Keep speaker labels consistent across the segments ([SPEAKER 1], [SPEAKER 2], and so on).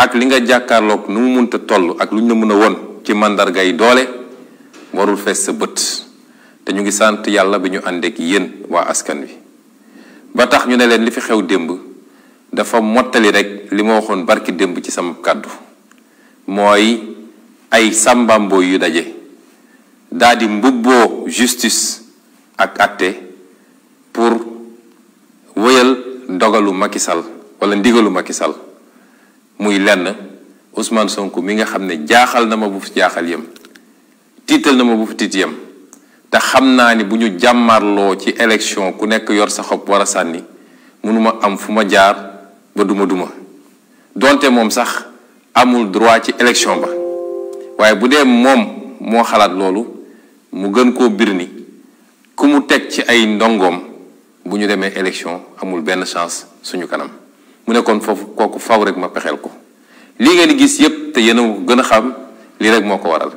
[SPEAKER 1] ak li nga jàkkaarloog nu mu munta toll ak lu ñu won ci gay doole warul fess sa bët te ñu ngi sant yalla bi ñu ak yeen wa askan wi ba tax ñu ne len li fi xew demb dafa motali rek li mo waxoon barki demb ci sama kaddu moy ay yu daje Dadi mbubbo justice ak atté pour woyal dogalu makisal wala ndigalu makisal muy lenn Ousmane Sonko mi nga xam ne jaaxal na ma bu fi jaaxal yem tiital na ma bu fi tiit yem te xam naa ni bu ñu jàmmarloo ci élection ku nekk yor sa xob war a sànni mënuma am fu ma jaar ba duma duma donte moom sax amul droit ci élection ba waaye bu dee moom moo xalaat loolu mu gën koo bir ni ku mu teg ci ay ndongoom bu ñu demee élection amul benn chance suñu kanam mu nekkoon foofu kooku faw rek ma pexeel ko lii ngeen gis yépp te yéen gën a xam lii rek moo ko waral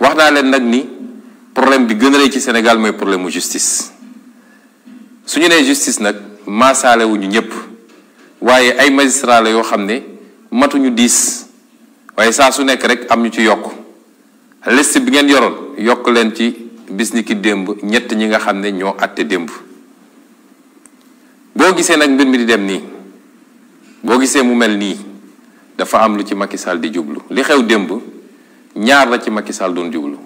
[SPEAKER 1] wax naa leen nag ni problème bi gën a ci Sénégal mooy problème mu justice su ñu nee justice nag maasaale ñépp waaye ay magistrat yoo xam ne matuñu diis waaye saa su nekk rek am ñu ci yokk lest bi ngeen yoroon yokk leen ci bisniki démb ñett ñi nga xam ne ñoo àtte démb boo gisee nag mbir mi di dem nii boo gisee mu mel nii dafa am lu ci Macky Sall di jublu li xew nyar ñaar la ci Macky Sall doon jublu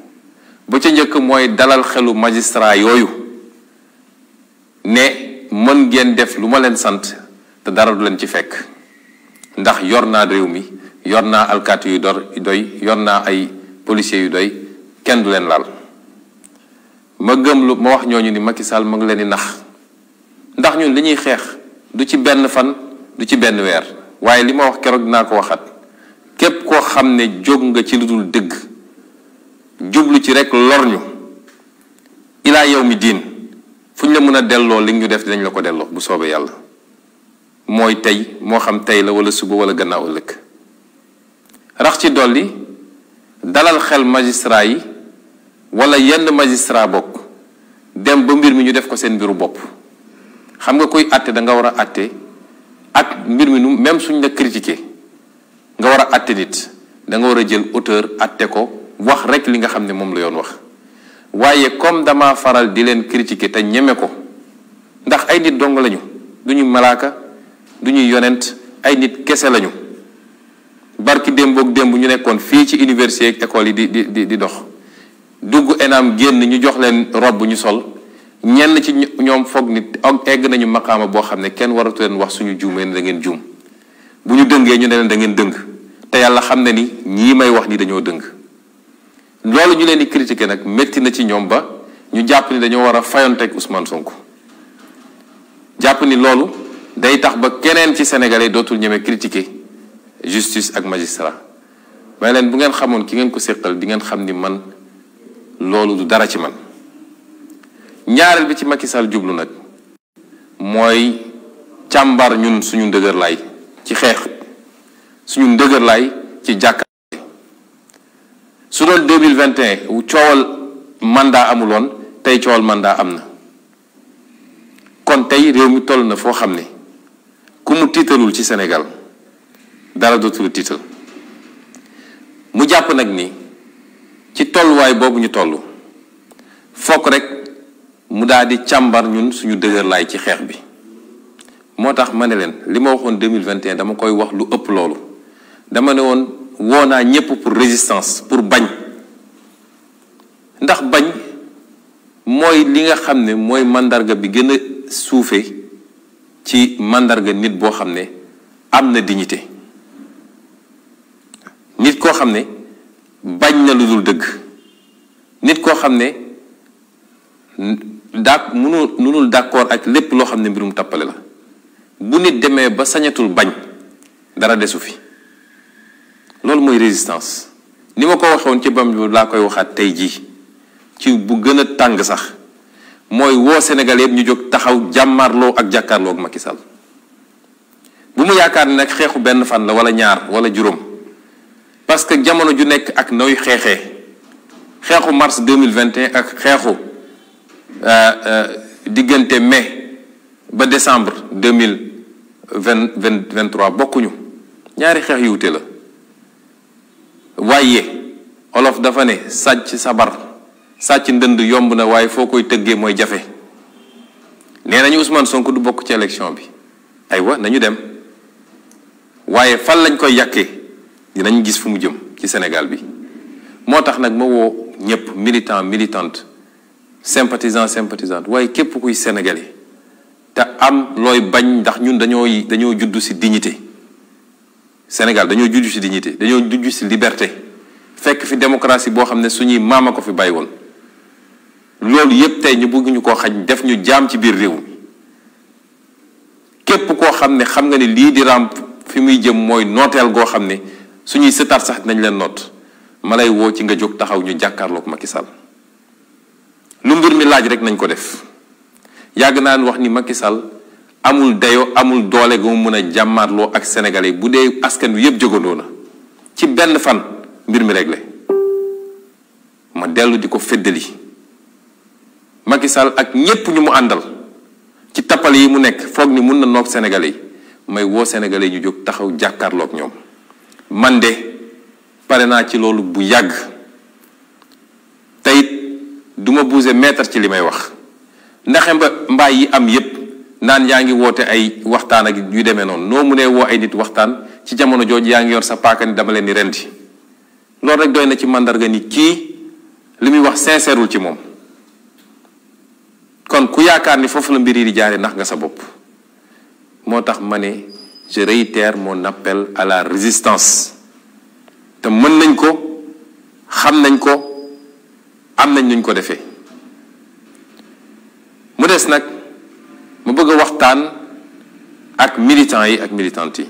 [SPEAKER 1] bu ci ñëk moy dalal xelu magistrat yoyu ne mën ngeen def lumalensant ma leen sant te dara du leen ci fekk ndax yorna rew mi yorna alkat yu dor doy yorna ay policier yu doy kenn du leen lal ma gëm lu ma wax ñooñu ni Macky Sall ma ngi leen di nax ndax ñun li ñuy xeex du ci benn fan du ci benn weer waaye li ma wax keroog dinaa ko waxat képp koo xam ne jóg nga ci lu dul dëgg jublu ci rek ñu ilaa yow mi diin fu ñu la mën a delloo li ñu def dinañ la ko delloo bu soobee yàlla mooy tey moo xam tey la wala suba wala gannaaw lëkk rax ci dolli dalal xel magistrat yi walla yenn magistrat bokk dem ba mbir mi ñu def ko seen mbiru bopp xam nga koy àtte da nga war a àtte ak mbir mi nu même suñ la critiqué nga war a atte nit da nga war a jël auteur atte ko wax rek li nga xam ne moom la yoon wax waaye comme dama faral di leen critiqué te ñeme ko ndax ay nit dong lañu du ñu malaaka du ñuy yonent ay nit kese lañu barki démb ak démb ñu nekkoon fii ci université ak yi di di di dox dugg enam génn ñu jox leen robe bu ñu sol ñenn ci ñoom foog ni egg nañu maqaama boo xam ne kenn waratu leen wax suñu juumee ne da ngeen juum bu ñu dëngee ñu ne leen da ngeen dëng te yàlla xam ne ni ñii may wax ni dañoo dëng loolu ñu leen di critiquer nag métti na ci ñoom ba ñu jàpp ni dañoo war a fayonteeg Ousmane Sonko jàpp ni loolu day tax ba keneen ci sénégalais dootul ñeme critiquer justice ak magistrat may leen bu ngeen xamoon ki ngeen ko séqal di ngeen xam man loolu du dara ci man ñaareel bi ci Macky Sall jublu nag mooy càmbar ñun suñu ndëgër laay ci xeex suñu ndëgër laay ci jàkkaarloo bi su doon 2021 coowal mandat amuloon tey coowal mandat am na kon tey réew mi toll na foo xam ne ku mu tiitalul ci senegal dara dootul tiital mu jàpp nag ni ci tolluwaay boobu ñu toll fokk rek mu daal di càmbar ñun suñu dëgër laay ci xeex bi moo tax ma ne leen li ma waxoon 2021 dama koy wax lu ëpp loolu dama ne woon woo naa ñépp pour résistance pour bañ ndax bañ mooy li nga xam ne mooy màndarga bi gën a suufe ci màndarga nit boo xam ne am na dignité nit koo xam ne bañ na lu dul dëgg nit koo xam ne daa munul munul d'accord ak lépp loo xam ne mbirum tappale la bu nit demee ba sañatul bañ dara desu fi loolu mooy résistance ni ma ko waxoon ci bam bi laa koy waxaat tey jii ci bu gën a tàng sax mooy woo sénégal yëpp ñu jóg taxaw jàmmaarloo ak jàkkaarloo ak Macky bu mu yaakaar ne nag xeexu benn fan la wala ñaar wala juróom parce que jamono ju nekk ak nooy xeexee xeexu mars 2021 ak xeexu Euh, euh, diggante mai ba décembre deux mille vingt vingt bokkuñu ñaari xeex yu wute la waaye olof dafa ne sàcc sabar sàcc ndënd yomb na waaye foo koy tëggee mooy jafe nee nañu Ousmane Sonko du bokk ci élection bi aywa nañu dem waaye fan lañ koy yàkkee dinañ gis fu mu jëm ci Sénégal bi moo tax nag ma woo ñëpp militant militante sympathisant sympathisante waaye képp kuy sénégalais te am looy bañ ndax ñun dañoo dañoo juddu ci dignité Sénégal dañoo juddu ci dignité dañoo juddu ci liberté fekk fi démocratie boo xam ne suñuy maam a ko fi bàyyi woon loolu yépp tey ñu bëgg koo xañ def ñu jaam ci biir réew mi képp koo xam ne xam nga ne lii di ràmp fi muy jëm mooy nooteel goo xam ne suñuy sëtaat sax nañ leen noot ma lay woo ci nga jóg taxaw ñu jàkkaarloog Macky Sall lu mbir mi laaj rek nañ ko def yàgg naa naan wax ni Macky Sall amul dayo amul doole gu mu mën a jàmmaatloo ak sénégalais bu dee askan bi yëpp jógandoo na ci benn fan mbir mi réglé ma dellu di ko feddali Macky ak ñépp ñu mu àndal ci tappale yi mu nekk foog ni mun na noog sénégalais yi may woo sénégalais yi ñu jóg taxaw jàkkaarloog ñoom man de pare naa ci loolu bu yàgg tey du ma buuse mètre ci li may wax ndaxe mba mbaay yi am yépp naan yaa ngi woote ay waxtaan ak yu demee noonu noo mu ne woo ay nit waxtaan ci jamono jooju yaa ngi yor sa paaka ni dama leen di rendi loolu rek doy na ci màndarga ni kii li muy wax sincèreul ci moom kon ku yaakaar ni foofu la mbir yi di jaare nax nga sa bopp moo tax ma ne je réitère moo appel à la résistance te mën nañ ko xam nañ ko am nañ nuñ ko defee mu des nag mu bëgg a waxtaan ak militants yi ak militantes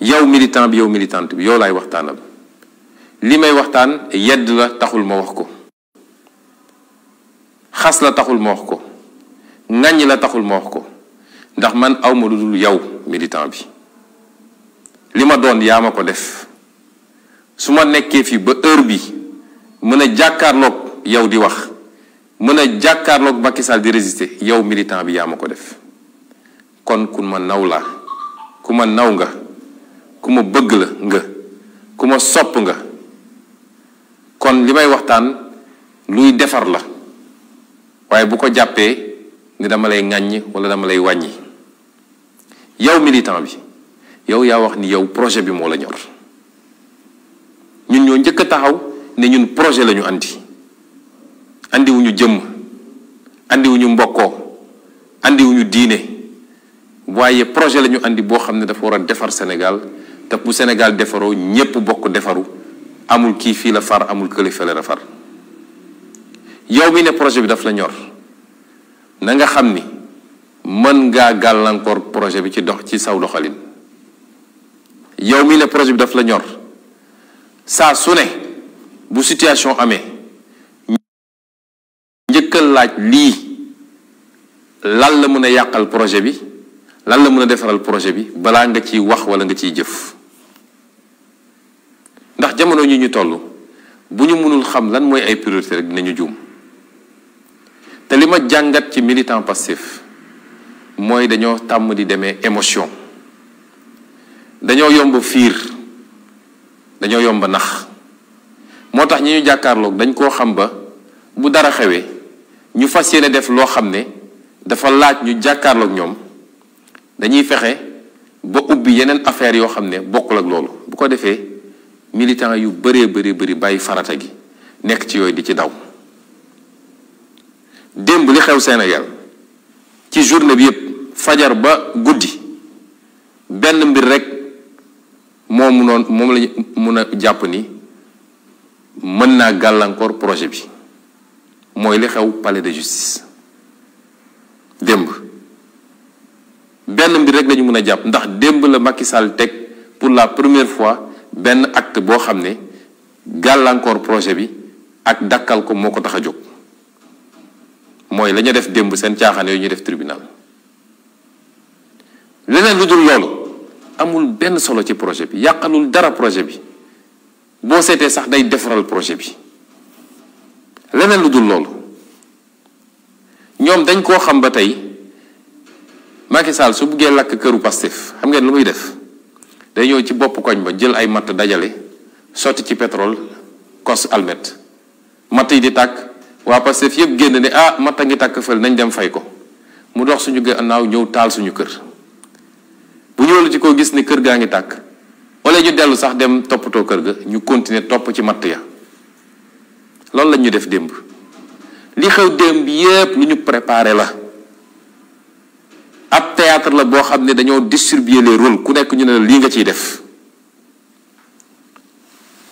[SPEAKER 1] yi yow militant bi yow militante bi yow laay waxtaanal li may waxtaan yedd la taxul ma wax ko xas la taxul ma wax ko ŋàññ la taxul ma wax ko ndax man awma lu dul yow militant bi li ma doon yaa ma ko def suma nekké fi ba heure bi mëna a jàkkaarloog yow di wax mëna a Macky Sall di résister yow militant bi ya mako def kon kun ma nawla kuma naw nga kuma bëgg la nga kuma sop nga kon limay may waxtaan luy défar la waye bu ko jappé ni dama lay ngagn wala dama lay wañi yow militant bi yow ya wax ni yow projet bi mo la ñor ñun ñoo njëkk a taxaw ne ñun projet la ñu andi andiwuñu jëmm indiwuñu mbokkoo indiwuñu diine waaye projet la ñu andi boo xam ne dafa war a defar Sénégal te bu Sénégal defaroo ñépp bokk defaru amul kii fii la far amul kële fële la far yow mi ne projet bi daf la ñor na nga xam ni mën ngaa gàllankoor projet bi ci dox ci saw doxalin yow mi ne projet bi daf la ñor saa su ne bu situation amee njëkkal laaj lii lan la mën a yàqal projet bi lan la mën a defaral projet bi balaa nga ciy wax walla nga ciy jëf ndax jamono ñi ñu toll bu ñu mënul xam lan mooy ay priorité rek dinañu jum te li ma jàngat ci militant passif mooy dañoo tàmm di demee émotion dañoo yomb fiir dañoo yomb nax moo tax ñi ñu jàkkaarloog dañ koo xam ba bu dara xewee ñu fas yéene def loo xam ne dafa laaj ñu jàkkaarloog ñoom dañuy fexe ba ubbi yeneen affaire yoo xam ne bokkul ak loolu bu ko defee militant yu bëree bëri bëri bàyyi farata gi nekk ci yooyu di ci daw démb li xew Sénégal ci journée bi yépp fajar ba guddi benn mbir rek moom noonu moom la mun a jàpp ni mën naa gàllankoor projet bi mooy li xew palais de justice démb benn bi rek lañu mën a jàpp ndax démb la Macky Sall teg pour la première fois benn acte boo xam ne gàllankoor projet bi ak dakkal ko moo ko tax a jóg mooy la ñu def démb seen caaxaan yooyu ñu def tribunal leneen lu dul loolu amul ben solo ci projet bi yakalul dara projet bi bo sété sax day défral projet bi leneen lu dul loolu ñom dañ ko xam ba tay Macky Sall su bëggé lak kërru Pastef xam ngeen lu muy def day ñëw ci bop koñ ba jël ay mat dajalé soti ci pétrole kos almet mat yi di tak wa Pastef yëp ah mat a tak fël nañ dem fay ko mu dox suñu gënaaw ñëw taal suñu kër bu ñëwul ci ko gis ni kër gaangi tak wala ñu delu sax dem toppatoo kër ga ñu continuer top ci matt ya lool la ñu def demb li xew demb yépp ñu ñu préparer la ab théâtre la bo xamné dañoo distribuer les rôles ku nekk ñu ne li nga ci def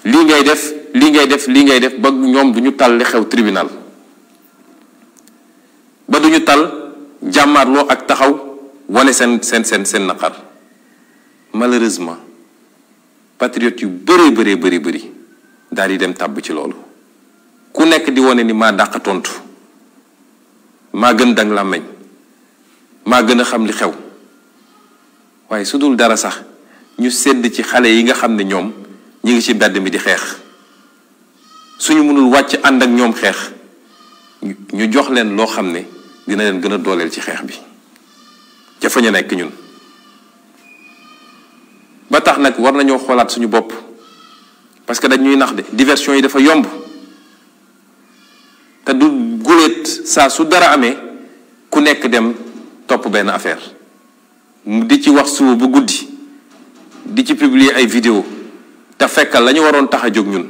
[SPEAKER 1] li ngay def li ngay def li ngay def ba ñoom duñu tal li xew tribunal ba duñu tal lo ak taxaw wane sen sen sen sen naqar malheureusement patriote yu bëree bëree bëri bëri daal di dem tàbb ci loolu ku nekk di wane ni maa dàq tontu maa gën dang làmmeñ maa gën a xam li xew waaye su dul dara sax ñu sedd ci xale yi nga xam ne ñoom ñi ngi ci mbedd mi di xeex suñu mënul wàcc ànd ak ñoom xeex ñu jox leen loo xam ne dina leen gën a dooleel ci xeex bi ca fa ñu nekk ñun ba tax nag war nañoo xoolaat suñu bopp parce que dañuy nax de diversion yi dafa yomb te du guléet saa su dara amee ku nekk dem topp benn affaire di ci wax suba bu guddi di ci publier ay vidéo te fekkal la ñu waroon tax a jóg ñun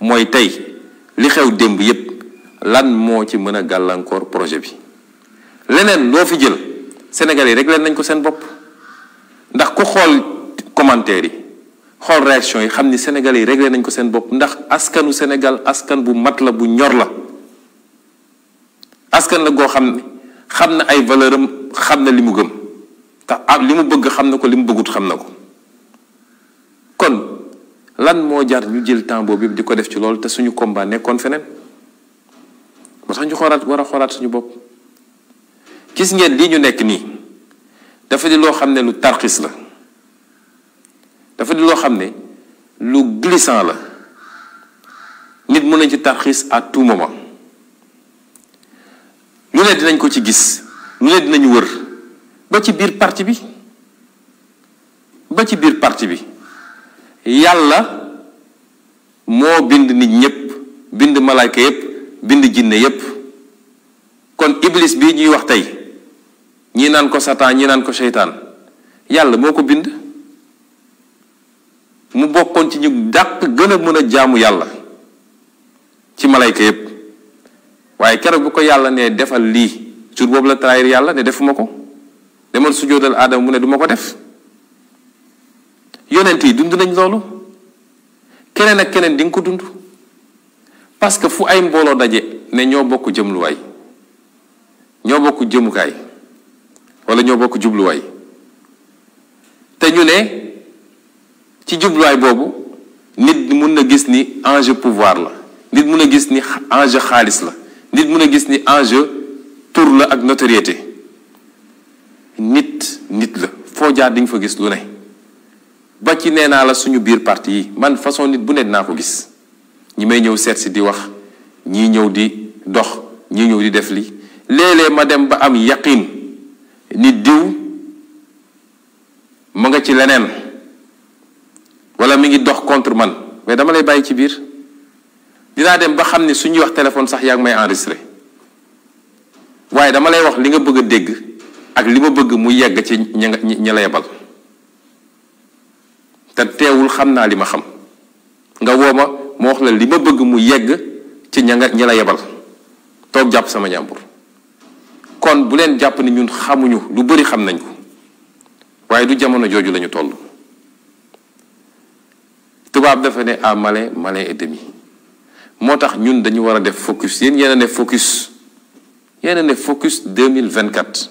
[SPEAKER 1] mooy tey li xew démb yépp lan moo ci mën a gàllankoor projet bi leneen loo fi jël sénégalais rek leen nañ ko seen bopp ndax ku xool commentaires xool réaction yi xam ni Sénégalais yi réglé nañ ko seen bopp ndax askanu Sénégal askan bu mat la bu ñor la askan la goo xam ne xam na ay valeur xam na li mu gëm te ah li mu bëgg xam na ko li mu xam na ko kon lan moo jar ñu jël temps boobu di ko def ci loolu te suñu combat koon feneen moo tax ñu xoolaat a xoolaat suñu bopp gis ngeen lii ñu nekk nii dafa di loo xam ne lu tarxis la dafa di loo lu glissant la nit mën nañ à tout moment ñu ne dinañ ko ci gis ñu ne dinañ wër parti bi ba ci parti bi bind nit bind malaayka yépp bind jinne kon iblis bii ñuy wax tey ko satan ñii ko bind mu bokkoon ci ñu dàq gën a mën a jaamu yàlla ci malayka yépp waaye keroog bu ko yàlla ne defal lii jur boobu la trahir yàlla ne defuma ko demal sujjóotal aadama mu ne duma ko def yonent yi dund nañ loolu keneen ak keneen di nga ko dund parce que fu ay mbooloo daje ne ñoo bokk jëmluwaay ñoo bokk jëmukaay wala ñoo bokk jubluwaay te ñu ne ci jubluwaay boobu nit mun na gis ni enjeu pouvoir la nit mun a gis ni enjeu xaalis la nit mun a gis ni enjeu tour la ak notoriété nit nit la foo jaar di nga fa gis lu ne ba ci nee naa la suñu biir parti yi man façon nit bu ne naa ko gis ñi may ñëw seet di wax ñii ñëw di dox ñii ñëw di def li léeg-léeg ma dem ba am yaqin nit diw mu nga ci leneen wala mi ngi dox contre man mais dama lay bayyi ci bir dina dem ba xamni suñu wax téléphone sax yaag may enregistrer waye dama lay wax li nga bëgg a dégg ak li ma bëgg mu yegg ci ña yebal te lima li ma xam nga woma mo wax la li ma bëgg mu yegg ci ña nga yebal tok japp sama ñàmbur kon bu len japp ni ñun xamuñu lu bari xam ko waye du jamono joju lañu tollu tubaab dafa ne a malin malin et demi motax ñun dañu wara def focus yeen yeen ne focus yeen ne focus 2024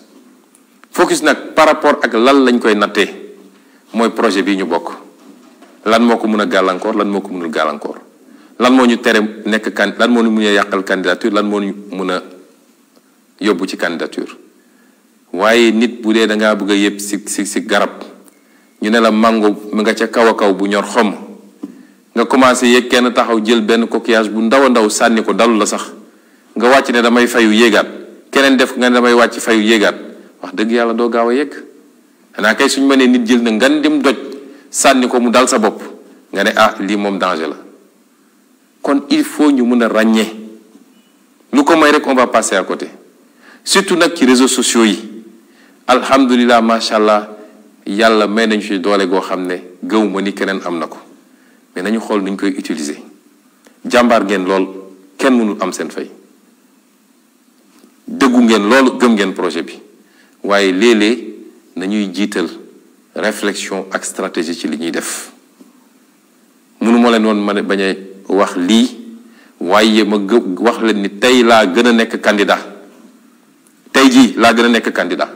[SPEAKER 1] focus nak par rapport ak lan lañ koy naté moy projet bi ñu bok lan moko mëna galankor lan moko mënul gàllankoor lan mo ñu tere kandidatur. kan lan mo ñu mën a candidature lan ñu ci candidature waye nit bu dé da nga bëgg yépp ci ci garab ñu né la mango mi nga ca kaw kaw bu ñor xom nga commencé yéeg kenn taxaw jël benn coquillage bu ndaw a ndaw sànni ko dalu la sax nga wàcc ne damay fayu yéegaat keneen def nga ne damay wàcc fayu yéegaat wax dëgg yàlla doo gaaw a yéeg xanaa kay suñu mënee nit jël na ngan dim doj sànni ko mu dal sa bopp nga ne ah lii moom danger la kon il faut ñu mën a ràññee lu ko may rek on va passer à côté surtout nag ci réseau sociaux yi alhamdulilah macha allah yàlla may nañu ci doole goo xam ne gëwuma ni keneen am na ko. mais nañu xool nuñ koy utiliser jàmbaar ngeen lool kenn mënul am seen fay dëggu ngeen lool gëm ngeen projet bi waaye léeg-léeg nañuy jiital reflexion ak stratégie ci li ñuy def mënu ma leen woon ma ne bañ a wax lii waaye ma gë wax leen ni tey laa gën a nekk candidat tey jii laa gën a nekk candidat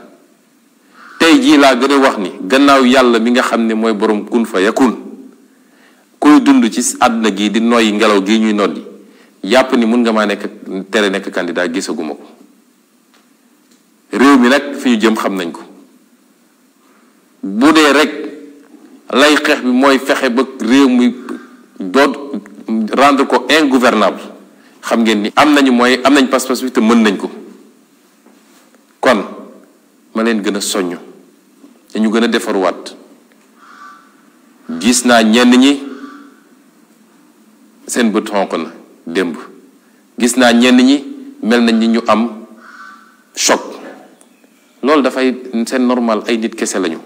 [SPEAKER 1] tey jii laa gën a wax ni gannaaw yàlla mi nga xam ne mooy borom kun fa yakun koy dund ci aduna gi di noy ngelaw gi ñuy noddi yap ni mun nga ma nek téré nek candidat gisaguma ko mi nak fi ñu jëm xam nañ ko budé rek lay xex bi moy fexé ba rew mi dod rendre ko ingouvernable xam ngeen ni am nañu moy am nañ pass pass bi te mën nañ ko kon ma leen gëna soñu ñu gëna défar wat gis na ñenn ñi seen bët xonq na démb gis naa ñenn ñi mel nañ ni ñu am choc loolu dafay seen normal ay nit kese lañu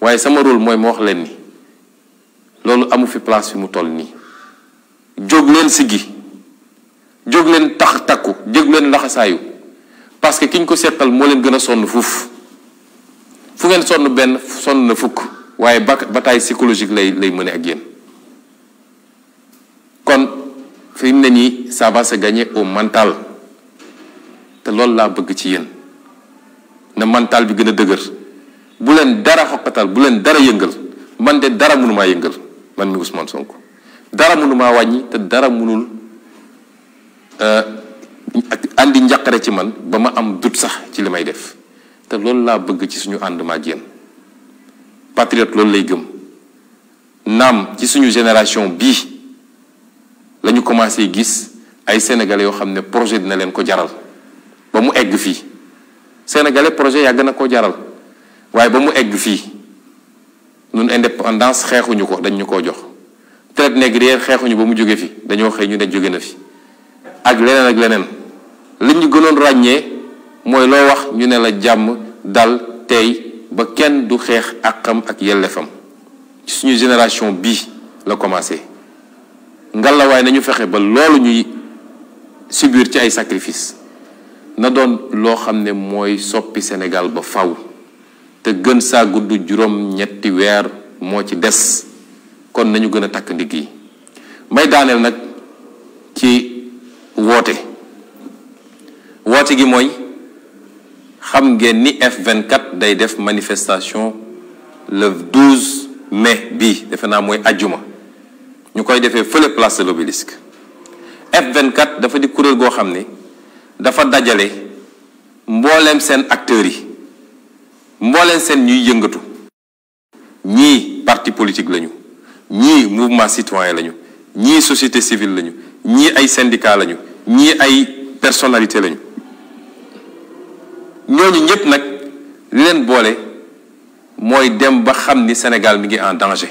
[SPEAKER 1] waaye sama role mooy ma wax leen ni loolu amu fi place fi mu toll nii jóg leen siggi jóg leen tax takku jóg leen laxasaayu parce que ki ñu ko seetal moo leen gën a sonn fuuf fu ngeen sonn benn sonn na fukk waaye ba bataille psychologique lay lay mëne ak yéen fim ne ni ça va se gagner au mental te lol la bëgg ci yeen na mental bi gëna dëgeur bu len dara xokatal bu len dara yëngal man de dara ma yëngal man mi Ousmane Sonko dara ma wañi te dara mënul eh, andi ñakare ci man ba am dut sax ci limay def te lol la bëgg ci suñu and ma patriote lol lay gëm nam ci suñu génération bi lañu ñu commencé gis ay sénégalais yoo xam ne projet dina leen ko jaral ba mu egg fii sénégalais projet yàgg na koo jaral waaye ba mu egg fii nun indépendance xeexuñu ko dañ ko jox traite négrière xeexuñu ba mu jóge fi dañoo xëy ñu ne jóge na fi ak leneen ak leneen li ñu gënoon ràññee mooy loo wax ñu ne la jàmm dal tey ba kenn du xeex àqam ak yellefam ci suñu génération bii la commencé ngalawaay nañu fexe ba loolu ñuy subir ci ay sacrifice na doon loo xam ne mooy soppi Sénégal ba faw te gën saa gudd juróom ñetti weer moo ci des kon nañu gën a takk ndigg yi may daaneel nag ci woote woote gi mooy xam ngeen ni F24 day def manifestation le 12 mai bi defe naa mooy ajjuma Nous avons fait place de l'obélisque F24 dafa di kuréel goo xam dafa dajale mbooleem seen acteurs yi ñuy parti politique ni mouvement citoyen ni société civile ni les syndicat lañu personnalités. Nous personnalité lañu des ñëpp nous avons fait des Sénégal en danger.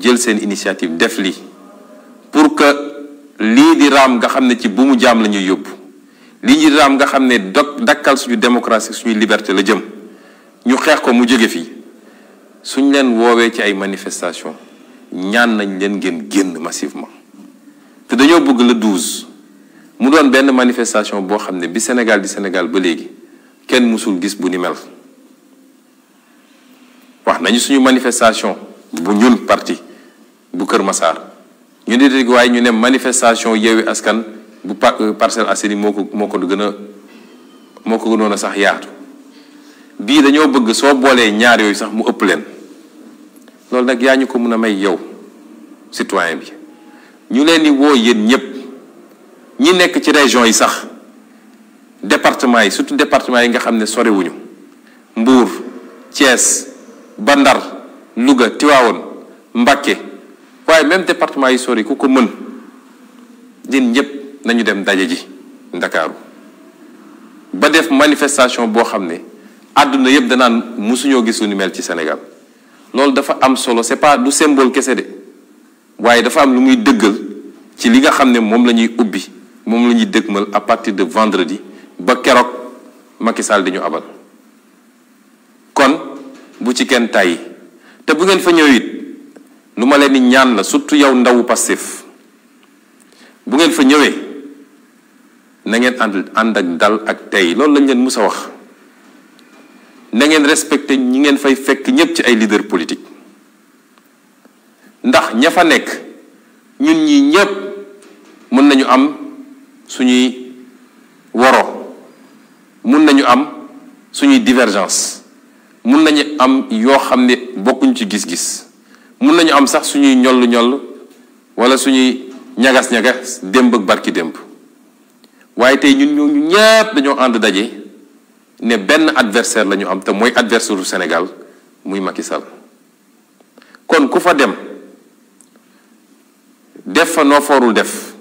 [SPEAKER 1] jël seen initiative def lii pour que lii di raam nga xam ne ci bu mu jaam la ñuy yóbbu lii di raam nga xam ne dok dakkal suñu démocratie suñuy liberté la jëm ñu xeex ko mu jóge fii suñ leen woowee ci ay manifestation ñaan nañ leen ngeen génn massivement te dañoo bëgg la 12 mu doon benn manifestation boo xam ne bi Sénégal di Sénégal ba léegi kenn mësul gis bu ni mel wax nañu suñu manifestation bu ñun parti bu Kër Massar ñu ne dégg waaye ñu ne manifestation Yewwi Askan bu par euh, Parcelles Assainies moo ko moo ko gën a moo ko gënoon a sax yaatu bii dañoo bëgg soo boolee ñaar yooyu sax mu ëpp leen loolu nag yaa ñu ko mën a may yow citoyen bi ñu leen di woo yéen ñëpp ñi nekk ci région yi sax département yi surtout département yi nga xam ne sorewuñu Mbour Thiès ba Ndar Louga Tivaouane Mbacké waaye même département sorry, ku ko mën jin ñëpp nañu dem daje ji ndakaaru ba def manifestation boo xam ne àdduna yëpp danaan musuñoo gis lu ni mel ci sénégal loolu dafa am solo c'est pas du symbole kese de waaye dafa am lu muy dëggal ci li nga xam ne moom ubbi moom la dëgmal à partir de vendredi ba keroog Macky Sall di ñu abal kon bu ci kenn tàyyi te bu ngeen fa ñëw it luma leni ñaan la surtout yow ya ndawu passif bu ngeen fa ñëwé na ngeen and and ak dal ak tay loolu lañ leen mësa wax na ngeen respecté ñi ngeen fay fekk ci ay leader politique ndax ña fa nekk ñun ñi ñépp mën nañu am suñuy woro mën nañu am suñuy divergence mën nañu am yoo xam ne bokkuñ ci gis-gis mun nañu am sax suñuy ñoll ñoll wala suñuy ñagas ñagas démb ak barki démb waaye tey ñun ñoo ñu ñëpp dañoo ànd daje ne benn adversaire lañu am te mooy adversaire du Sénégal muy Macky Sall kon ku fa dem def fa noo forul def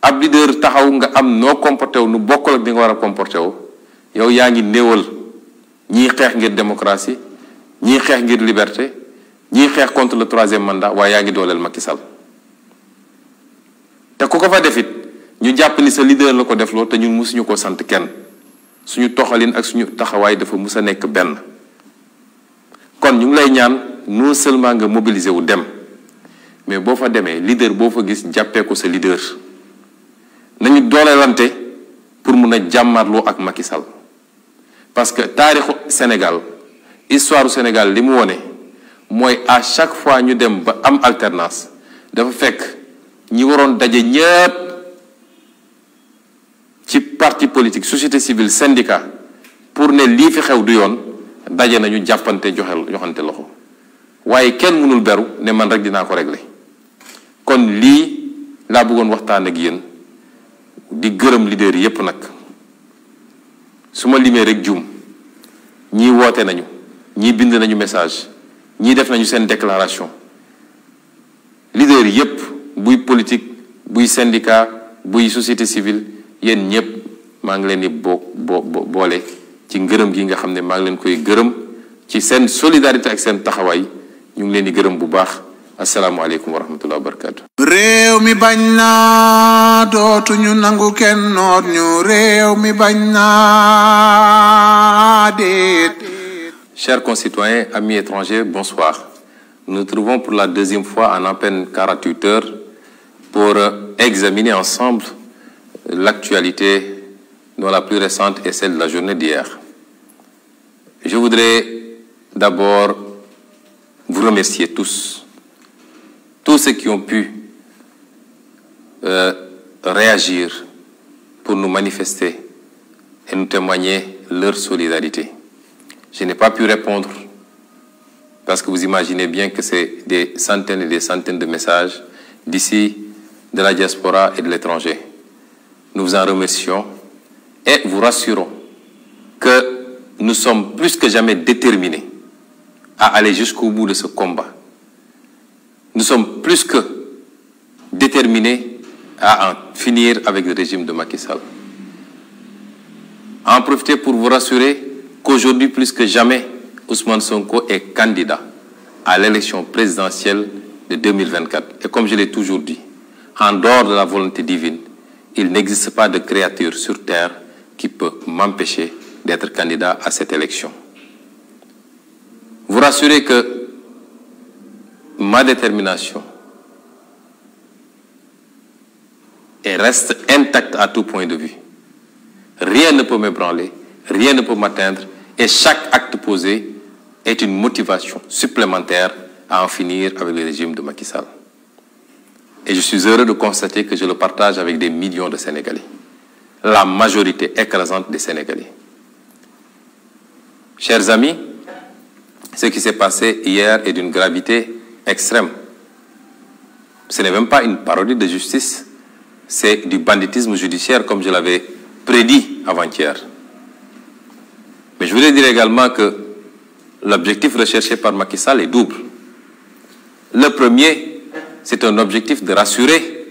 [SPEAKER 1] ab leader taxaw nga am noo comporté wu nu bokkal ak di nga war a comporté wu yow yaa ngi néewal ñii xeex ngir démocratie ñii xeex ngir liberté ñi xex contre le troisième mandat wa yaangi ngi Macky Sall te ku ko fa defit ñu japp ni sa leader lako def lo te ñun musuñu ko sante kenn suñu toxalin ak suñu taxaway dafa musa nek ben kon ñu ngi lay ñaan non seulement nga mobiliser wu dem mais bo fa démé leader bo fa gis jappé ko sa leader nañu dooleelante pour mëna a jàmmarloo ak Macky Sall parce que tarikh Sénégal histoire Sénégal limu woné moy à chaque fois ñu dem ba am alternance dafa fekk ñi waroon daje ñepp ci parti politique société civile syndicat pour ne li fi xew du yoon daje nañu jàppante joxel joxante loxo waye kenn mënul beru ne man rek dina ko régler kon li la bëggoon waxtaan ak yeen di gërëm leader yépp nak suma limé rek juum ñi woté nañu ñi bind nañu message ñii def nañu seen déclaration leader yépp buy politique buy syndicat buy société civile yéen ñépp maa ngi leen di boo bo boole ci ngërëm gi nga xam ne maa ngi leen koy gërëm ci seen solidarité ak seen taxawaay ñu ngi leen di gërëm bu baax asalaamaaleykum wa rahmatullah wa barakaatu. réew mi bañ naa dootuñu nangu kenn noot ñu réew mi bañ naa déet. Chers concitoyens, amis étrangers, bonsoir. Nous nous trouvons pour la deuxième fois en à peine 48 heures pour examiner ensemble l'actualité dont la plus récente est celle de la journée d'hier. Je voudrais d'abord vous remercier tous, tous ceux qui ont pu euh, réagir pour nous manifester et nous témoigner leur solidarité. Je n'ai pas pu répondre parce que vous imaginez bien que c'est des centaines et des centaines de messages d'ici, de la diaspora et de l'étranger. Nous vous en remercions et vous rassurons que nous sommes plus que jamais déterminés à aller jusqu'au bout de ce combat. Nous sommes plus que déterminés à en finir avec le régime de Macky En profiter pour vous rassurer qu'aujourd'hui plus que jamais, Ousmane Sonko est candidat à l'élection présidentielle de 2024. Et comme je l'ai toujours dit, en dehors de la volonté divine, il n'existe pas de créature sur terre qui peut m'empêcher d'être candidat à cette élection. Vous rassurez que ma détermination reste intacte à tout point de vue. Rien ne peut m'ébranler, rien ne peut m'atteindre et chaque acte posé est une motivation supplémentaire à en finir avec le régime de Macky Sall. Et je suis heureux de constater que je le partage avec des millions de Sénégalais. La majorité écrasante des Sénégalais. Chers amis, ce qui s'est passé hier est d'une gravité extrême. Ce n'est même pas une parodie de justice, c'est du banditisme judiciaire comme je l'avais prédit avant-hier. Mais je voulais dire également que l'objectif recherché par Macky Sall est double. Le premier, c'est un objectif de rassurer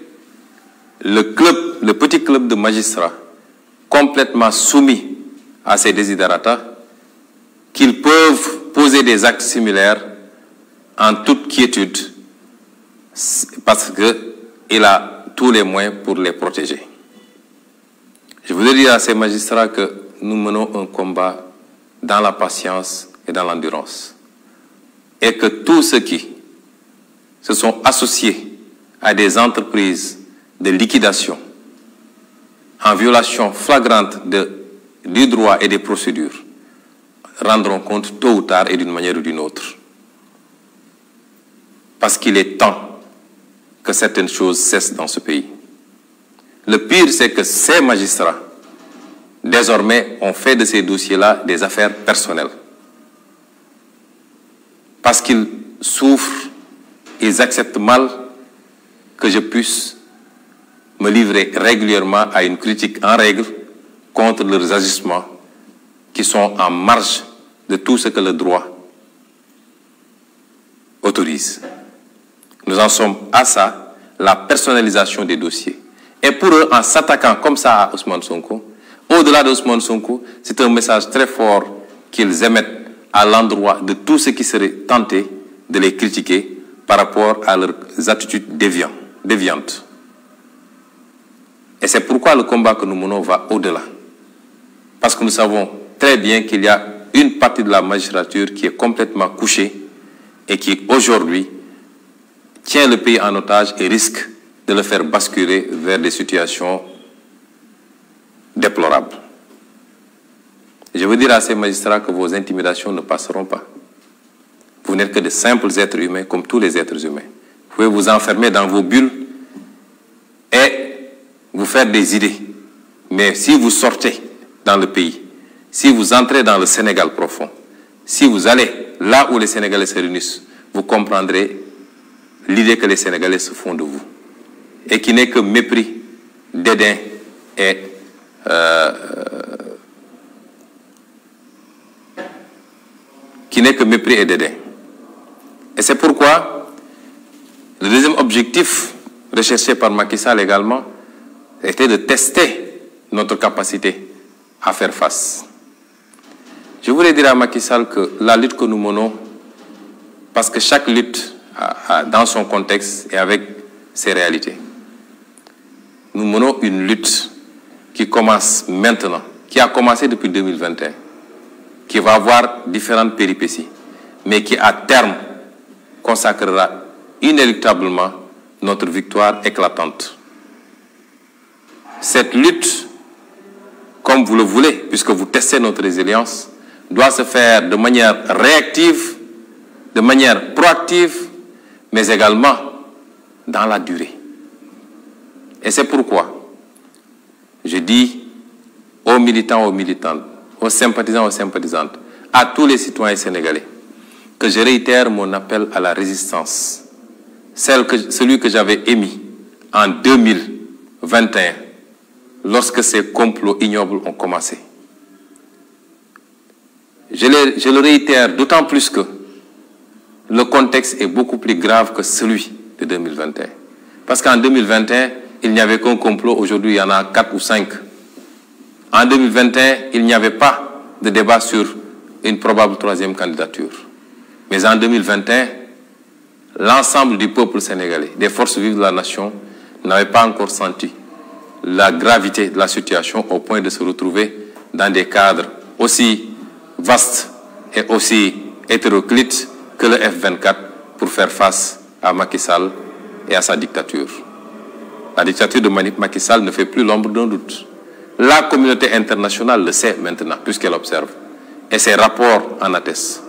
[SPEAKER 1] le club, le petit club de magistrats complètement soumis à ces désiderata qu'ils peuvent poser des actes similaires en toute quiétude parce qu'il a tous les moyens pour les protéger. Je voudrais dire à ces magistrats que nous menons un combat dans la patience et dans l'endurance. Et que tous ceux qui se sont associés à des entreprises de liquidation en violation flagrante de, du droit et des procédures rendront compte tôt ou tard et d'une manière ou d'une autre. Parce qu'il est temps que certaines choses cessent dans ce pays. Le pire, c'est que ces magistrats Désormais, on fait de ces dossiers-là des affaires personnelles. Parce qu'ils souffrent, ils acceptent mal que je puisse me livrer régulièrement à une critique en règle contre leurs agissements qui sont en marge de tout ce que le droit autorise. Nous en sommes à ça, la personnalisation des dossiers. Et pour eux, en s'attaquant comme ça à Ousmane Sonko, au-delà d'Ousmane Sonko, c'est un message très fort qu'ils émettent à l'endroit de tous ceux qui seraient tentés de les critiquer par rapport à leurs attitudes déviantes. Et c'est pourquoi le combat que nous menons va au-delà. Parce que nous savons très bien qu'il y a une partie de la magistrature qui est complètement couchée et qui aujourd'hui tient le pays en otage et risque de le faire basculer vers des situations déplorable. Je veux dire à ces magistrats que vos intimidations ne passeront pas. Vous n'êtes que de simples êtres humains, comme tous les êtres humains. Vous pouvez vous enfermer dans vos bulles et vous faire des idées. Mais si vous sortez dans le pays, si vous entrez dans le Sénégal profond, si vous allez là où les Sénégalais se réunissent, vous comprendrez l'idée que les Sénégalais se font de vous et qui n'est que mépris, dédain et euh, qui n'est que mépris et dédain. Et c'est pourquoi le deuxième objectif recherché par Macky Sall également était de tester notre capacité à faire face. Je voulais dire à Macky Sall que la lutte que nous menons, parce que chaque lutte a, dans son contexte et avec ses réalités, nous menons une lutte qui commence maintenant, qui a commencé depuis 2021, qui va avoir différentes péripéties, mais qui à terme consacrera inéluctablement notre victoire éclatante. Cette lutte, comme vous le voulez, puisque vous testez notre résilience, doit se faire de manière réactive, de manière proactive, mais également dans la durée. Et c'est pourquoi je dis aux militants, aux militantes, aux sympathisants, aux sympathisantes, à tous les citoyens sénégalais, que je réitère mon appel à la résistance, celle celui que j'avais émis en 2021, lorsque ces complots ignobles ont commencé. Je, je le réitère d'autant plus que le contexte est beaucoup plus grave que celui de 2021. Parce qu'en 2021, il n'y avait qu'un complot. Aujourd'hui, il y en a quatre ou cinq. En 2021, il n'y avait pas de débat sur une probable troisième candidature. Mais en 2021, l'ensemble du peuple sénégalais, des forces vives de la nation, n'avait pas encore senti la gravité de la situation au point de se retrouver dans des cadres aussi vastes et aussi hétéroclites que le F-24 pour faire face à Macky Sall et à sa dictature la dictature de Macky Sall ne fait plus l'ombre d'un doute. La communauté internationale le sait maintenant, puisqu'elle observe. Et ses rapports en attestent.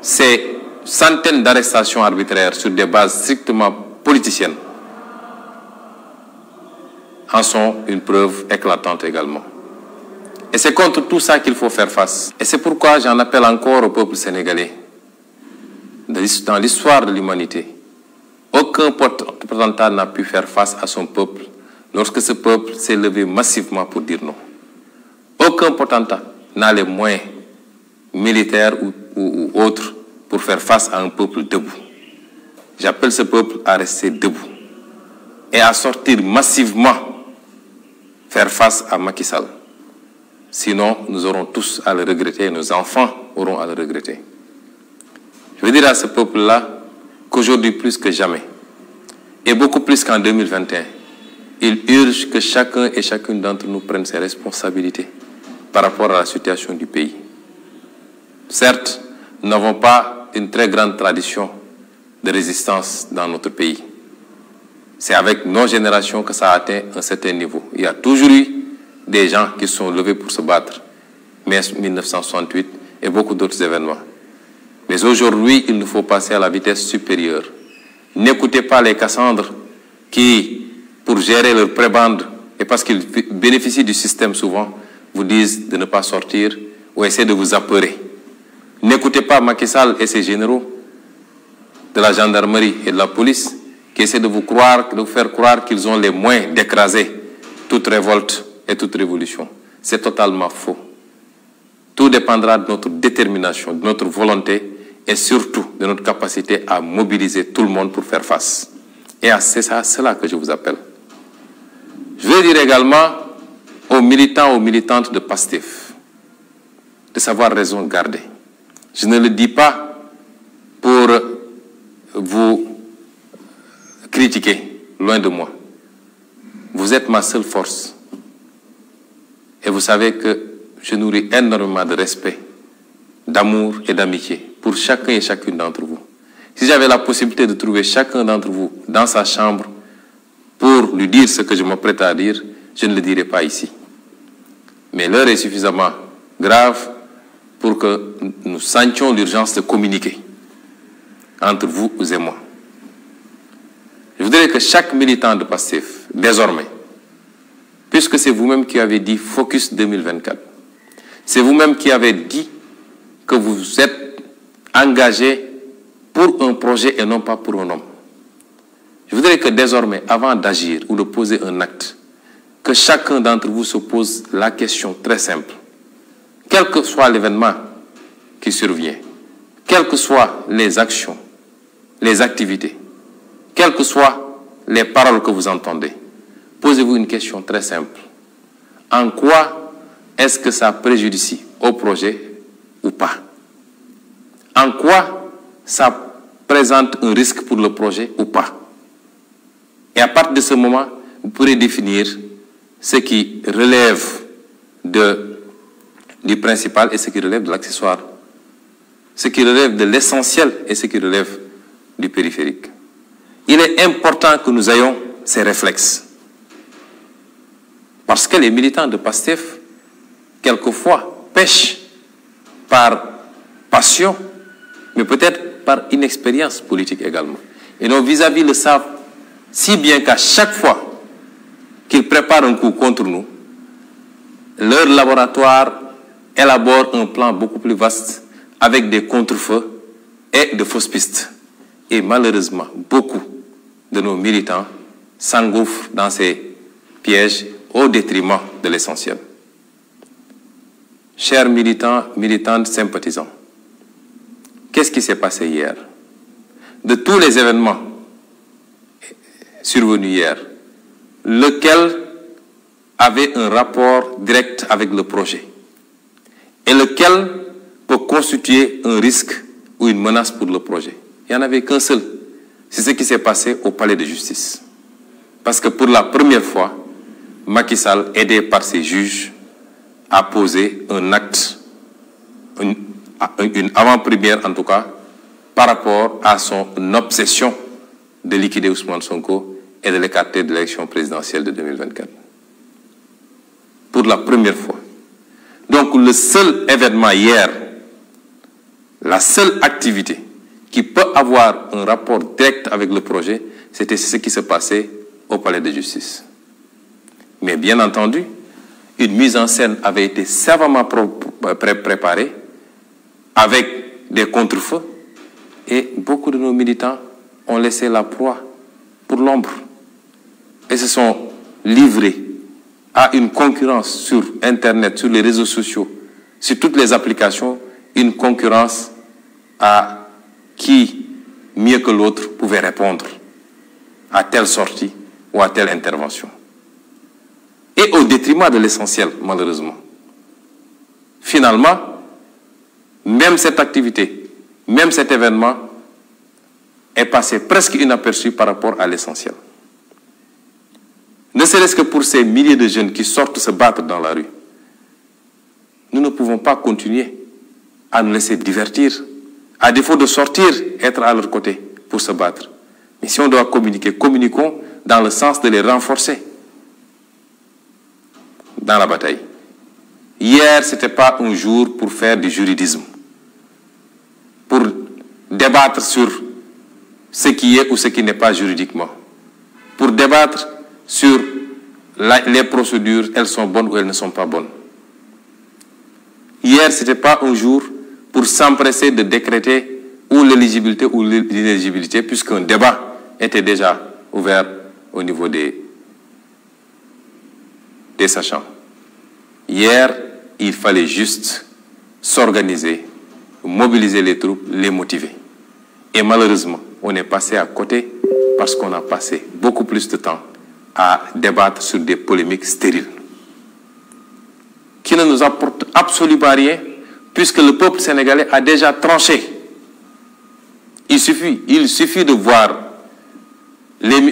[SPEAKER 1] Ces centaines d'arrestations arbitraires sur des bases strictement politiciennes en sont une preuve éclatante également. Et c'est contre tout ça qu'il faut faire face. Et c'est pourquoi j'en appelle encore au peuple sénégalais, dans l'histoire de l'humanité, aucun potentat n'a pu faire face à son peuple lorsque ce peuple s'est levé massivement pour dire non. Aucun potentat n'a les moyens militaires ou, ou, autres pour faire face à un peuple debout. J'appelle ce peuple à rester debout et à sortir massivement faire face à Macky Sall. Sinon, nous aurons tous à le regretter, et nos enfants auront à le regretter. Je veux dire à ce peuple-là, qu'aujourd'hui plus que jamais, et beaucoup plus qu'en 2021, il urge que chacun et chacune d'entre nous prenne ses responsabilités par rapport à la situation du pays. Certes, nous n'avons pas une très grande tradition de résistance dans notre pays. C'est avec nos générations que ça a atteint un certain niveau. Il y a toujours eu des gens qui sont levés pour se battre. Mais 1968 et beaucoup d'autres événements. Mais aujourd'hui, il nous faut passer à la vitesse supérieure. N'écoutez pas les Cassandres qui, pour gérer leur prébande, et parce qu'ils bénéficient du système souvent, vous disent de ne pas sortir ou essaient de vous apeurer. N'écoutez pas Macky Sall et ses généraux de la gendarmerie et de la police qui essaient de vous, croire, de vous faire croire qu'ils ont les moyens d'écraser toute révolte et toute révolution. C'est totalement faux. Tout dépendra de notre détermination, de notre volonté et surtout de notre capacité à mobiliser tout le monde pour faire face. Et c'est à cela que je vous appelle. Je veux dire également aux militants, aux militantes de PASTEF, de savoir raison garder. Je ne le dis pas pour vous critiquer, loin de moi. Vous êtes ma seule force. Et vous savez que je nourris énormément de respect, d'amour et d'amitié pour chacun et chacune d'entre vous. Si j'avais la possibilité de trouver chacun d'entre vous dans sa chambre pour lui dire ce que je m'apprête à dire, je ne le dirais pas ici. Mais l'heure est suffisamment grave pour que nous sentions l'urgence de communiquer entre vous et moi. Je voudrais que chaque militant de Passif, désormais, puisque c'est vous-même qui avez dit Focus 2024, c'est vous-même qui avez dit que vous êtes engagé pour un projet et non pas pour un homme. Je voudrais que désormais, avant d'agir ou de poser un acte, que chacun d'entre vous se pose la question très simple. Quel que soit l'événement qui survient, quelles que soient les actions, les activités, quelles que soient les paroles que vous entendez, posez-vous une question très simple. En quoi est-ce que ça préjudicie au projet ou pas en quoi ça présente un risque pour le projet ou pas. Et à partir de ce moment, vous pourrez définir ce qui relève de, du principal et ce qui relève de l'accessoire, ce qui relève de l'essentiel et ce qui relève du périphérique. Il est important que nous ayons ces réflexes. Parce que les militants de PASTEF, quelquefois, pêchent par passion mais peut-être par inexpérience politique également. Et nos vis-à-vis le savent si bien qu'à chaque fois qu'ils préparent un coup contre nous, leur laboratoire élabore un plan beaucoup plus vaste avec des contrefeux et de fausses pistes. Et malheureusement, beaucoup de nos militants s'engouffrent dans ces pièges au détriment de l'essentiel. Chers militants, militantes, sympathisants, Qu'est-ce qui s'est passé hier De tous les événements survenus hier, lequel avait un rapport direct avec le projet et lequel peut constituer un risque ou une menace pour le projet. Il n'y en avait qu'un seul. C'est ce qui s'est passé au palais de justice. Parce que pour la première fois, Macky Sall, aidé par ses juges, a posé un acte, une avant-première en tout cas, par rapport à son obsession de liquider Ousmane Sonko et de l'écarter de l'élection présidentielle de 2024. Pour la première fois. Donc le seul événement hier, la seule activité qui peut avoir un rapport direct avec le projet, c'était ce qui se passait au palais de justice. Mais bien entendu, une mise en scène avait été savamment préparée avec des contrefeux. Et beaucoup de nos militants ont laissé la proie pour l'ombre et se sont livrés à une concurrence sur Internet, sur les réseaux sociaux, sur toutes les applications, une concurrence à qui, mieux que l'autre, pouvait répondre à telle sortie ou à telle intervention. Et au détriment de l'essentiel, malheureusement. Finalement, même cette activité, même cet événement est passé presque inaperçu par rapport à l'essentiel. Ne serait-ce que pour ces milliers de jeunes qui sortent se battre dans la rue, nous ne pouvons pas continuer à nous laisser divertir, à défaut de sortir, être à leur côté pour se battre. Mais si on doit communiquer, communiquons dans le sens de les renforcer dans la bataille. Hier, ce n'était pas un jour pour faire du juridisme pour débattre sur ce qui est ou ce qui n'est pas juridiquement. Pour débattre sur les procédures, elles sont bonnes ou elles ne sont pas bonnes. Hier, ce n'était pas un jour pour s'empresser de décréter ou l'éligibilité ou l'inéligibilité, puisqu'un débat était déjà ouvert au niveau des sachants. Hier, il fallait juste s'organiser mobiliser les troupes, les motiver. Et malheureusement, on est passé à côté parce qu'on a passé beaucoup plus de temps à débattre sur des polémiques stériles qui ne nous apportent absolument rien puisque le peuple sénégalais a déjà tranché. Il suffit, il suffit de voir,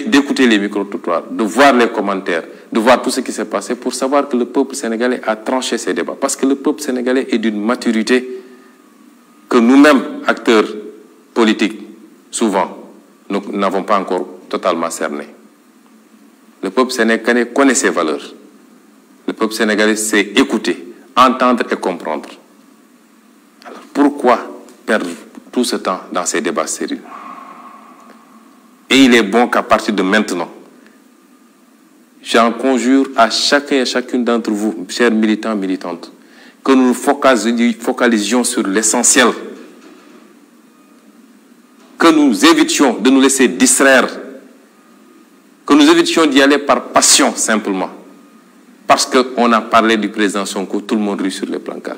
[SPEAKER 1] d'écouter les micro-trottoirs, de voir les commentaires, de voir tout ce qui s'est passé pour savoir que le peuple sénégalais a tranché ces débats. Parce que le peuple sénégalais est d'une maturité que nous-mêmes, acteurs politiques, souvent, nous n'avons pas encore totalement cerné. Le peuple sénégalais connaît ses valeurs. Le peuple sénégalais sait écouter, entendre et comprendre. Alors pourquoi perdre tout ce temps dans ces débats sérieux Et il est bon qu'à partir de maintenant, j'en conjure à chacun et chacune d'entre vous, chers militants, militantes, que nous focalisions sur l'essentiel, que nous évitions de nous laisser distraire, que nous évitions d'y aller par passion simplement, parce qu'on a parlé du président Sonko, tout le monde rit sur les car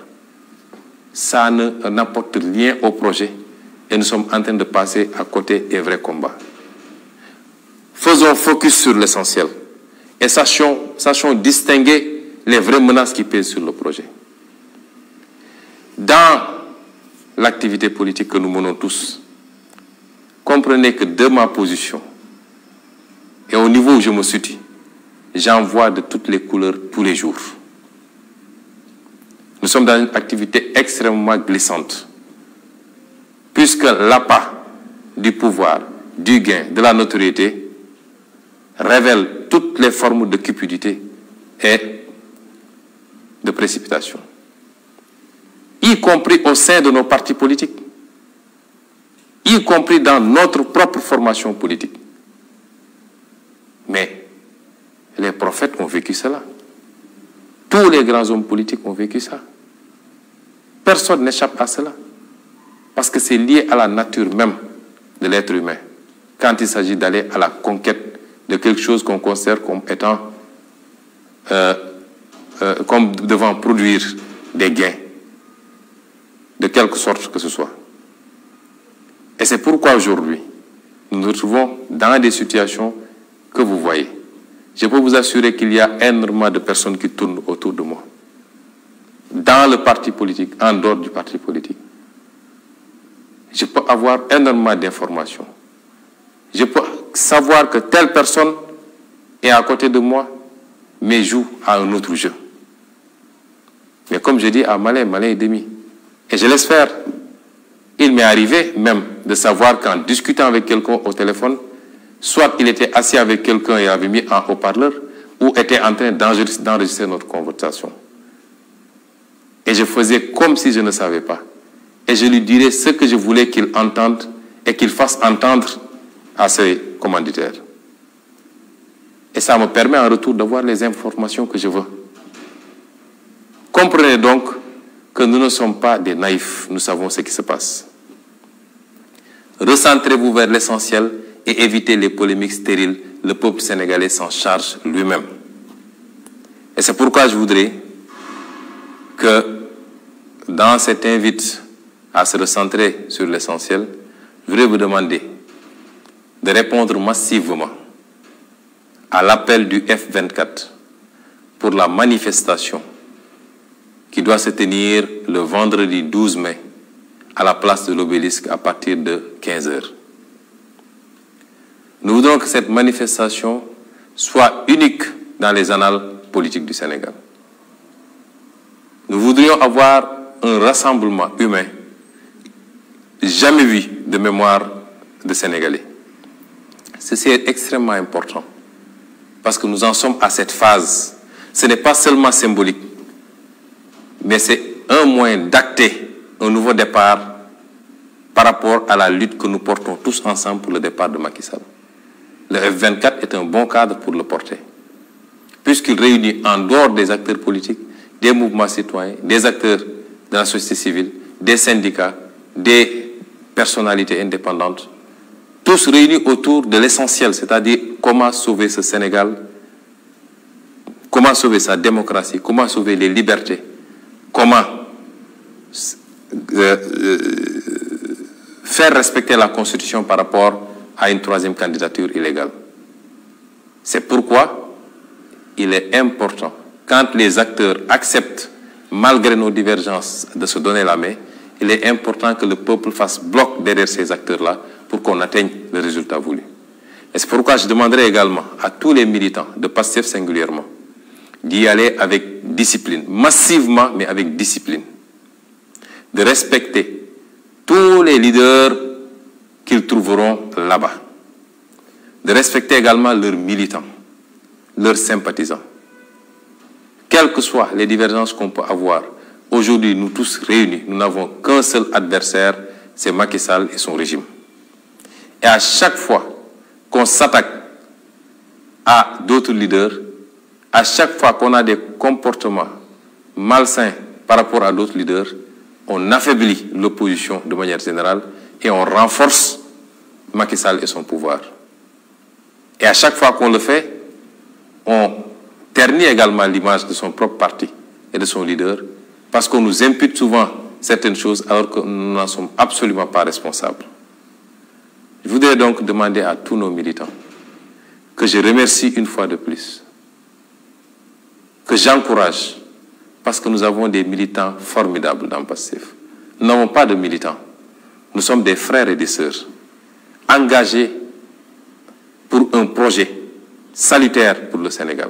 [SPEAKER 1] Ça n'apporte rien au projet et nous sommes en train de passer à côté des vrais combats. Faisons focus sur l'essentiel et sachons distinguer les vraies menaces qui pèsent sur le projet dans l'activité politique que nous menons tous, comprenez que de ma position et au niveau où je me situe, j'en vois de toutes les couleurs tous les jours. Nous sommes dans une activité extrêmement glissante, puisque l'appât du pouvoir, du gain, de la notoriété révèle toutes les formes de cupidité et de précipitation y compris au sein de nos partis politiques, y compris dans notre propre formation politique. Mais les prophètes ont vécu cela. Tous les grands hommes politiques ont vécu ça. Personne n'échappe à cela. Parce que c'est lié à la nature même de l'être humain. Quand il s'agit d'aller à la conquête de quelque chose qu'on considère comme étant, euh, euh, comme devant produire des gains de quelque sorte que ce soit. Et c'est pourquoi aujourd'hui, nous nous retrouvons dans des situations que vous voyez. Je peux vous assurer qu'il y a énormément de personnes qui tournent autour de moi. Dans le parti politique, en dehors du parti politique. Je peux avoir énormément d'informations. Je peux savoir que telle personne est à côté de moi, mais joue à un autre jeu. Mais comme je dis à Malin, Malin est demi. Et je laisse faire. Il m'est arrivé même de savoir qu'en discutant avec quelqu'un au téléphone, soit il était assis avec quelqu'un et avait mis un haut-parleur, ou était en train d'enregistrer notre conversation. Et je faisais comme si je ne savais pas. Et je lui dirais ce que je voulais qu'il entende et qu'il fasse entendre à ses commanditaires. Et ça me permet en retour d'avoir les informations que je veux. Comprenez donc que nous ne sommes pas des naïfs, nous savons ce qui se passe. Recentrez-vous vers l'essentiel et évitez les polémiques stériles. Le peuple sénégalais s'en charge lui-même. Et c'est pourquoi je voudrais que dans cet invite à se recentrer sur l'essentiel, je voudrais vous demander de répondre massivement à l'appel du F24 pour la manifestation qui doit se tenir le vendredi 12 mai à la place de l'obélisque à partir de 15 h Nous voudrions que cette manifestation soit unique dans les annales politiques du Sénégal. Nous voudrions avoir un rassemblement humain jamais vu de mémoire de Sénégalais. Ceci est extrêmement important parce que nous en sommes à cette phase. Ce n'est pas seulement symbolique, mais c'est un moyen d'acter un nouveau départ par rapport à la lutte que nous portons tous ensemble pour le départ de Macky Sall. Le F24 est un bon cadre pour le porter, puisqu'il réunit en dehors des acteurs politiques, des mouvements citoyens, des acteurs de la société civile, des syndicats, des personnalités indépendantes, tous réunis autour de l'essentiel, c'est-à-dire comment sauver ce Sénégal, comment sauver sa démocratie, comment sauver les libertés, comment euh, euh, faire respecter la Constitution par rapport à une troisième candidature illégale. C'est pourquoi il est important, quand les acteurs acceptent, malgré nos divergences, de se donner la main, il est important que le peuple fasse bloc derrière ces acteurs-là pour qu'on atteigne le résultat voulu. Et c'est pourquoi je demanderai également à tous les militants, de passer singulièrement, d'y aller avec discipline, massivement, mais avec discipline. De respecter tous les leaders qu'ils trouveront là-bas. De respecter également leurs militants, leurs sympathisants. Quelles que soient les divergences qu'on peut avoir, aujourd'hui, nous tous réunis, nous n'avons qu'un seul adversaire, c'est Macky Sall et son régime. Et à chaque fois qu'on s'attaque à d'autres leaders, à chaque fois qu'on a des comportements malsains par rapport à d'autres leaders, on affaiblit l'opposition de manière générale et on renforce Macky Sall et son pouvoir. Et à chaque fois qu'on le fait, on ternit également l'image de son propre parti et de son leader parce qu'on nous impute souvent certaines choses alors que nous n'en sommes absolument pas responsables. Je voudrais donc demander à tous nos militants que je remercie une fois de plus que j'encourage, parce que nous avons des militants formidables dans le passif. Nous n'avons pas de militants. Nous sommes des frères et des sœurs, engagés pour un projet salutaire pour le Sénégal.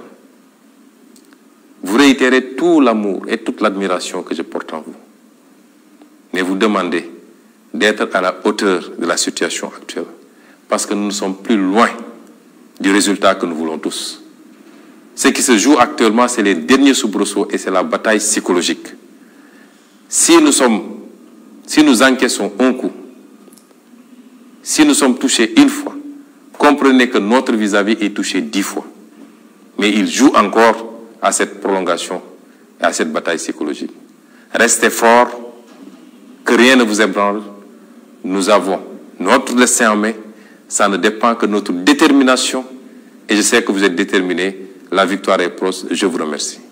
[SPEAKER 1] Vous réitérez tout l'amour et toute l'admiration que je porte en vous. Mais vous demandez d'être à la hauteur de la situation actuelle, parce que nous ne sommes plus loin du résultat que nous voulons tous. Ce qui se joue actuellement, c'est les derniers soubresauts et c'est la bataille psychologique. Si nous sommes, si nous encaissons un coup, si nous sommes touchés une fois, comprenez que notre vis-à-vis est touché dix fois. Mais il joue encore à cette prolongation et à cette bataille psychologique. Restez forts, que rien ne vous ébranle. Nous avons notre destin en main. Ça ne dépend que de notre détermination. Et je sais que vous êtes déterminés la victoire est proche. Je vous remercie.